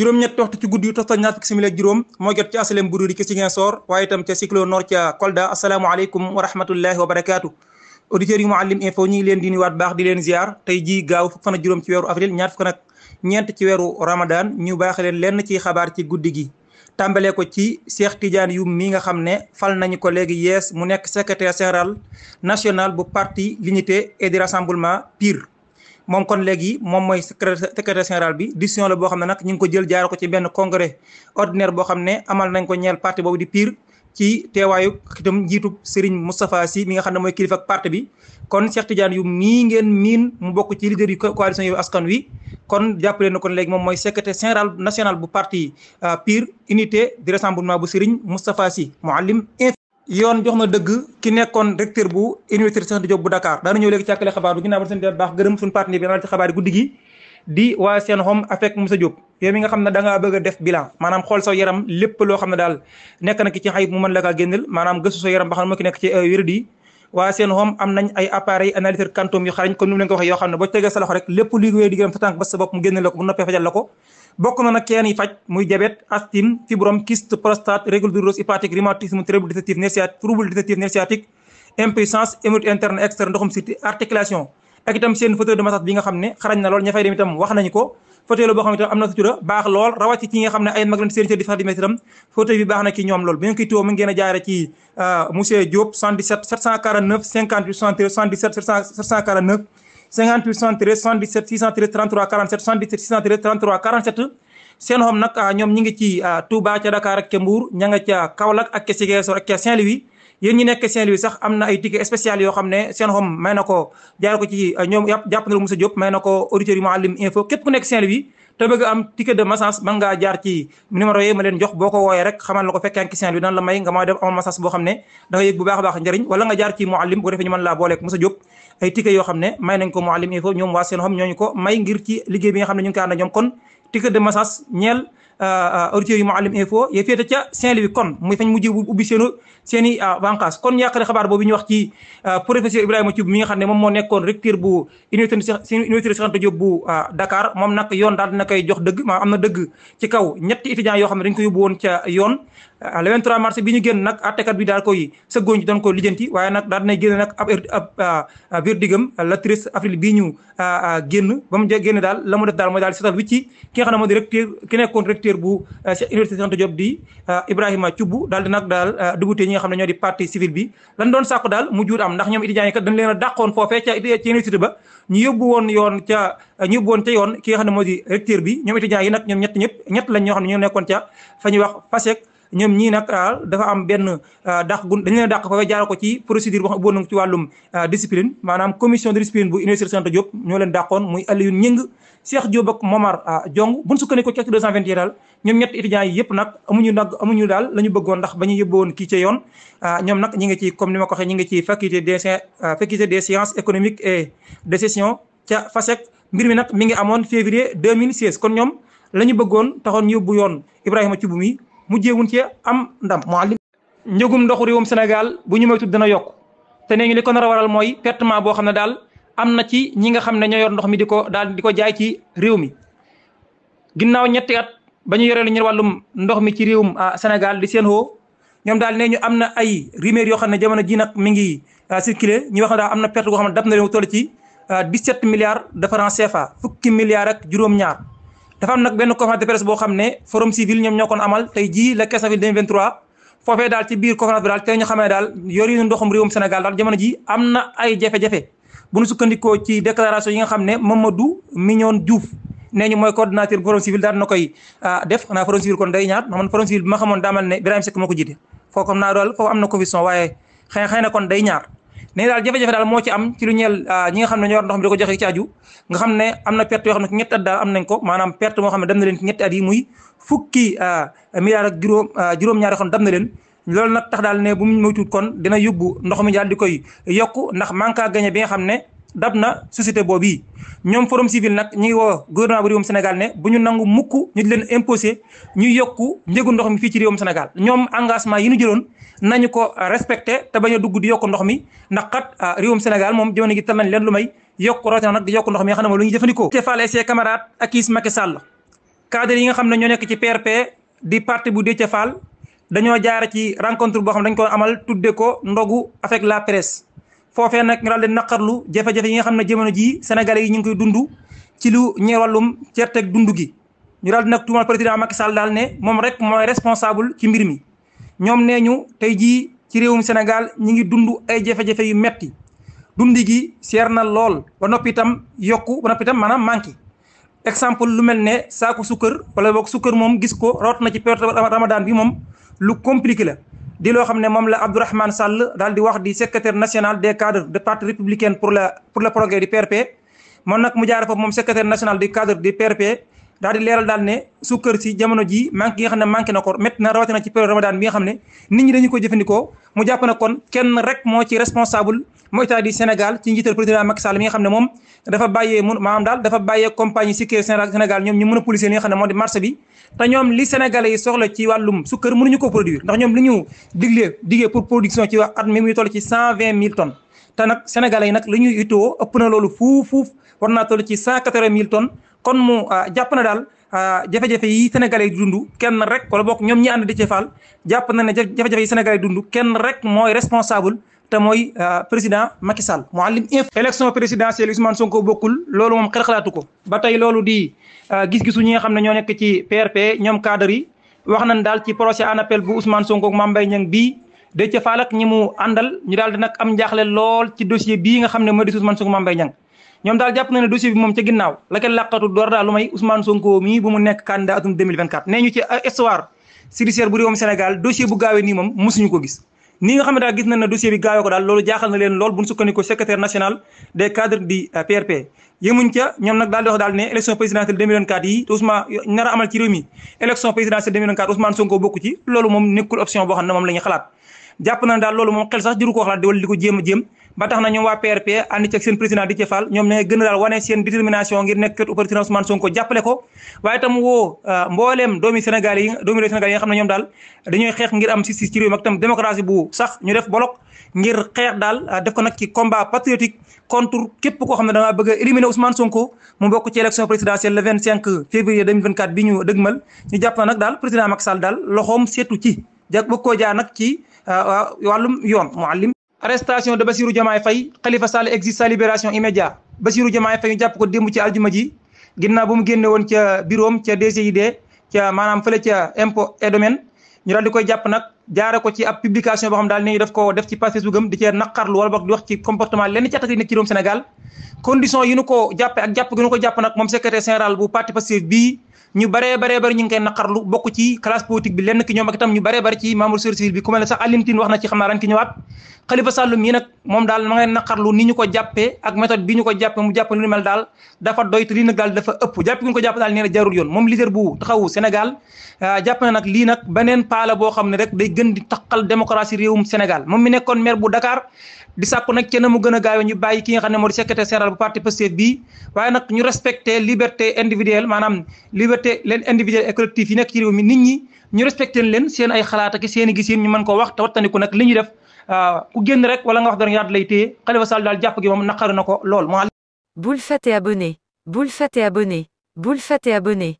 juróom ñett waxtu ci guddi yu toftal ñaar fukki simili ak juróom moo jot ci asalem bururi ci Ziguinchor waaye itam ca cyclo nord ca Kolda asalaamaaleykum wa rahmatullahi wa barakaatu auditeurs yu Mouhalim info ñu ngi leen di nuyuwaat baax di leen ziar tey ji gaaw fukk fan ak juróom ci weeru avril ñaar fukk nag ñeent ci weeru ramadan ñu baax leen lenn ci xabaar ci guddi gi tàmbalee ko ci Cheikh tiijaan yu mi nga xam ne fal nañu ko léegi yees mu nekk secrétaire général national bu parti l'unité et du rassemblement PUR moom kon léegi moom mooy secrétaire général bi décision la boo xam ne nag ñu ngi ko jël jaare ko ci benn congrès ordinaire boo xam ne amal nañ ko ñeel parti boobu di PUR ci teewaayu itam njiitu Serigne Moustapha si mi nga xam ne mooy kilifa ak bi kon Cheikh Tidiane yu mii ngeen miin mu bokk ci leader yu coalition yu askan wi kon jàppale na kon léegi moom mooy secrétaire général national bu parti euh, PUR unité de ma bu Serigne Moustapha yoon jox na dëgg ki nekkoon recteur bu université Cheikh Anta Diop bu Dakar daana ñëw léegi ci àkkale xabaar bu ginnaaw ba seen def baax gërëm suñu partenaire bi anal yi guddi gi di waa seen xom a lépp loo euh, am nañ ay appareil analyseur quantum yu xarañ comme ni mu leen ko waxee yoo xam ne boo tegee sa loxo rek lépp luy wéy di sa tànk ba sa bopp mu génneel bu noppee fajal la ko bokk na nag kenn faj muy diabète asthme fibrome kyste prostate règles douloureuses hépatique rhumatisme trouble digestif nerciatique trouble impuissance émeute interne externe ndoxum siti articulation ak itam seen fauteuil de massage bi nga xam ne xarañ na lool ña dem itam wax nañu ko fauteuil boo xam itam am na sutura baax lool rawati ci nga xam ne ay mag lañ seen di sax di métti itam fauteuil bi baax na ci ñoom lool bi nga mu ngeen a jaare ci euh, monsieur Diop 77 749 58 73 77 613 33 47 77 613 33 47 seen xom nag ah, ñoom ñi ngi ci ah, Touba ca Dakar ak ca Mbour ña nga ca Kaolack ak ca Ziguinchor ak ca Saint-Louis yéen ñi nekk Saint-Louis sax am na ay ticket spécial yoo xam ne seen xom may na ko jaar ko ci ah, ñoom jàpp na lu Moussa Diop may na ko auditeurs yu Mouhalim info képp ku nekk Saint-Louis te bëgg am ticket de massage mën ngaa jaar ci numéro yi ma leen jox boo ko wooyee rek xamal la ko fekkee ak Saint-Louis dana la may nga ma dem amal massage boo xam ne da nga yëg bu baax a baax njëriñ wala nga jaar ci Mouhalim bu ko defee ñu mën laa booleeg Moussa Diop ay ticket yoo xam ne may nañ ko Mouhalim Info ñoom waa seen xam ñooñu ko may ngir ci liggéey bi nga xam ne ñoom kon ticket de massage ñeel euh, euh, auditeurs yu Mouhalim Info ya féete ca Saint-Louis kon muy fañ mujj ubbi seenu seen i euh, banqaas kon yaakaar xabaar boobu ñu wax ci professeur Ibrahima Thioub mi nga xam ne moom moo nekkoon recteur bu université université Cheikh Anta bu Dakar moom nag yoon daal dina koy jox dëgg maa am na dëgg ci kaw ñetti étudiants yoo xam ne dañ ko yóbbu woon ca yoon le 23 mars bi ñu génn nag attekat bi daal koy sa góoñ doon ko lijjanti waaye nag daal dinay génn nag ab er, ab verdigam la 13 avril bii ñu génn ba mu génn daal la mu def daal mooy daal setal wicci ki nga xam ne moo di recteur ki nekkoon recteur bu euh, université Cheikh Anta Diop di euh, Ibrahima Thioub daal di nag daal euh, député ñi nga xam ne ñoo di partie civile bi lan doon sàkku daal mu juut am ndax ñoom étudiants yi kat dañ leen a dàqoon foofee ca ci université ba ñu yóbbu woon yoon ca ñu yóbbu woon ca yoon ki nga xam ne moo di recteur bi ñoom étudiants yi nag ñoom ñett ñëpp ñett lañ ñoo xam ne ñoo nekkoon ca fa ñuy wax FASEC ñoom ñii nag ah, dafa am benn ah, dàq gu dañu leen dàq fa jaarale ko ci procédure wax boo ci wàllum ah, discipline maanaam commission de discipline bu université Cheikh Anta ñoo leen dàqoon muy Alioune Ñing Cheikh Diop ak Momar Diong buñ sukkandikoo ci 221 ñoom ñett étudiants yi yëpp nag amuñu nag amuñu daal la ñu bëggoon ndax ba ñu yóbboon kii ca yoon ñoom nag ñi ngi ci comme ni ma ko waxee ñi ngi ci faculté des faculté des sciences économiques et de gestion ca FASEC mbir mi nag mi ngi amoon février 2016 kon ñoom la ñu bëggoon taxoon ñu yóbbu yoon Ibrahima Thioub mi mujjeewuñ cee am ndam muallim njëgum ndoxu réewum Sénégal bu ñu moytu dana yokk te nee ñu li ko a waral mooy pertement boo xam ne daal am na ci ñi nga xam ne ñoo yor ndox mi di ko daal di ko jaay ci réew mi ginnaaw ñetti at ba ñu yoree lu ñu wàllum ndox mi ci réewum ah, Sénégal di seen hoo ñoom daal nee ñu am na ay rumeur yoo xam ne jamono ji nag mi ngi ah, circulé ñu wax ne daal am na perte goo xam ne dab na leen toll ci 17 ah, milliards de francs CFA fukki milliar ak juróom-ñaar dafa am nag benn conférence de boo xam ne forum civil ñoom ñoo koon amal tey jii le 15 avril 2023 foofee daal ci biir conférence bi daal tey ñu xamee daal yorinu ndoxum réewum Sénégal daal ji am na ay jafe bu ñu sukkandikoo ci déclaration yi nga xam ne Mamadou Mignon Diouf nee ñu mooy coordinateur bu forum civil na koy ah, def xanaa forum civil kon day ñaar man forum civil bi ma xamoon daamal ne Birahim Seck moo ko jiite foo xam naa daal foofu am na confusion waaye xëy xëy na kon day ñaar ne daal jafe-jafe daal moo ci am ci lu ñeel ah, ñi nga xam ne ñoo ndox mi di ko joxe ci aju nga xam ne am na perte yoo xam ne ñetti at daal am nañ ko maanaam perte moo xam ne dam na leen ci ñetti at muy fukki ah, milliards ak juróom ah, juróom-ñaari xam dam na leen loolu na tax daal ne bu mu moytuwul kon dina yóbbu ndox mi daal di koy yokk ndax manque à gagner bi nga xam ne dab na société boobu yi ñoom forum civil nag ñu ngi woo gouvernement bu réewum Sénégal ne bu ñu nangu mukk ñu di leen imposé ñu yokku njëgu ndox mi fii ci réewum Sénégal ñoom engagement yi ñu jëloon nañu ko respecté te bañ a dugg di yokk ndox mi ndax kat ah, réewum Sénégal moom joon gi nañ leen lu may yokk rawatina nag di yokk ndox mi nga xam ne moom ñuy jëfandikoo. te faale ses camarades ak is Macky Sall cadre yi nga xam ne ñoo nekk ci PRP di parti bu Déthié Fall dañoo jaara ci rencontre boo xam ne dañ ko amal tudde ko ndogu avec la presse foofee nag ñu daal di naqarlu jafe-jafe yi nga xam ne jamono jii sénégalais yi ñu ngi koy dund ci lu ñuy wàllum certeg dund gi ñu daal di nag tuumal président Macky Sall daal ne moom rek mooy responsable ci mbir mi ñoom nee ñu tey jii ci réewum Sénégal ñu ngi dund ay jafe-jafe yu metti dund gi seer na lool ba noppitam yokk yokku ba noppi itam maanaam manqué exemple lu mel ne saaku sukkër wala boog sukkër moom gis ko rawat na ci période ramadan bi moom lu compliqué la di loo xam ne moom la Abdourahmane Sall daal di wax di secrétaire national des cadres de parti républicain pour la pour le progrès du PRP moom nag mu jaar foofu moom secrétaire national du cadre du PRP daal di leeral daal ne sukkar si jamono ji manqué yi nga xam ne manqué na ko métti na rawatina ci période ramadan bi nga xam ne nit ñi dañu ko jëfandikoo mu jàpp kon kenn rek moo ci responsable moo état du Sénégal ci njiital président Macky Sall ne moom dafa bàyyee mu maanaam ñoom ñu monopoliser li nga xam ne moo di marché bi te ko produire ndax ñoom li ñu diglee diggee pour production ci at mi muy toll ci cent vingt mille tonnes te nag Sénégalais yi nag li ñuy itoo ëpp na loolu fuuf fuuf toll ci cent quatre mille tonnes kon mu ah, jàpp na daal ah, jafe-jafe yi sénégalais dundu kenn rek wala bokk ñoom ñi ànd di ci jàpp na ne jafe-jafe yi sénégalais dund kenn rek mooy responsable te mooy ah, président Macky Sall Mouhalim Info élection présidentielle Ousmane Sonko bokkul loolu moom xel ko ba tey loolu di gis-gisu ñi nga xam ne ñoo nekk ci PRP ñoom cadre yi wax nañ daal ci procès en appel bu Ousmane Sonko ak Mame Mbaye Niang bii de ñi mu àndal ñu daal di nag am njaaxle lool ci dossier bii nga xam ne mooy di Ousmane Sonko Mame Mbaye ñoom daal jàpp na ne dossier bi moom ca ginnaaw la kenn làqatu daal lu may Ousmane Sonko mii bu mu nekk candidat na leen lool buñ sukkandikoo secrétaire national des cadres du euh, PRP yëmuñ ca ñoom daal euh, a amal ci réew mi élection présidentielle 2024 Ousmane Sonko loolu moom na daal loolu moom xel sax jëru ko xalaat di wala di ko jéem jéem ba tax na ñoom waa PRP ànd ci ak seen président Déthié Fall ñoom ne gën wane seen détermination ngir nekk kër président Sonko jàppale ko waaye itam woo euh, mbooleem doomi Sénégal yi doomi réew Sénégal yi nga xam ne ñoom daal dañuy xeex ngir am justice ci réew mi ak itam démocratie bu sax ñu def bloc ngir xeex daal euh, def ko nag ci combat patriotique contre képp koo xam ne dangaa bëgg a éliminer Ousmane Sonko mu bokk ci élection présidentielle le 25 février 2024 bi ñu dëgmal ñu jàpp daal président Macky koo jaar nag ci euh, wàllum yoon mu arrestation de Bassirou Diomaye Faye Khalifa Sall exige sa libération immédiate Bassirou Diomaye Faye ñu jàpp ko démb ci aljuma ji ginnaaw bu mu génne woon ca biroom ca DGID maanaam fële ca impôt et domaine ñu di koy jàpp nag jaare ko ci ab publication boo xam daal ne ñu def ko def ci page Facebook am di cee naqarlu wala boog di wax ci comportement lenn ci attaque yi Sénégal condition yi nu ko jàppe ak jàpp gi moom secrétaire général bu parti ñu baree bare bari ñu ngi koy naqarlu bokk ci classe politique bi lenn ki ñoom ak itam ñu baree bari ci membre société civile bi ku ne sax Alioune Tine wax na ci xam ran ki ñëwaat Khalifa Sall mii nag moom daal ma ngay naqarlu ni ñu ko jàppee ak méthode bi ñu ko jàppee mu jàpp lu mel daal dafa doy te lii nag daal dafa ëpp jàpp gi ñu ko jàpp daal jarul yoon moom leader bu taxawu Sénégal euh, jàpp na nag lii nag beneen paala boo xam ne rek day gën di taqal démocratie réewum Sénégal moom mi nekkoon maire bu dakaar di sàkku nag kenn mu gën a gaaw ñu bàyyi ki nga xam ne moo di secrétaire général bu parti Pastef bii waaye nag ñu respecté liberté individuelle maanaam liberté leen individuelle et collective yi nekk ci réew mi nit ñi ñu respecté leen seen ay xalaat ak seen i gis ñu mën ko wax te wattandiku nag li def ku euh, génn rek wala nga wax dara yaat lay téye Khalifa Sall daal jàpp gi moom naqari na ko lool. bul fàtte abonné bul fàtte abonné bul fàtte abonné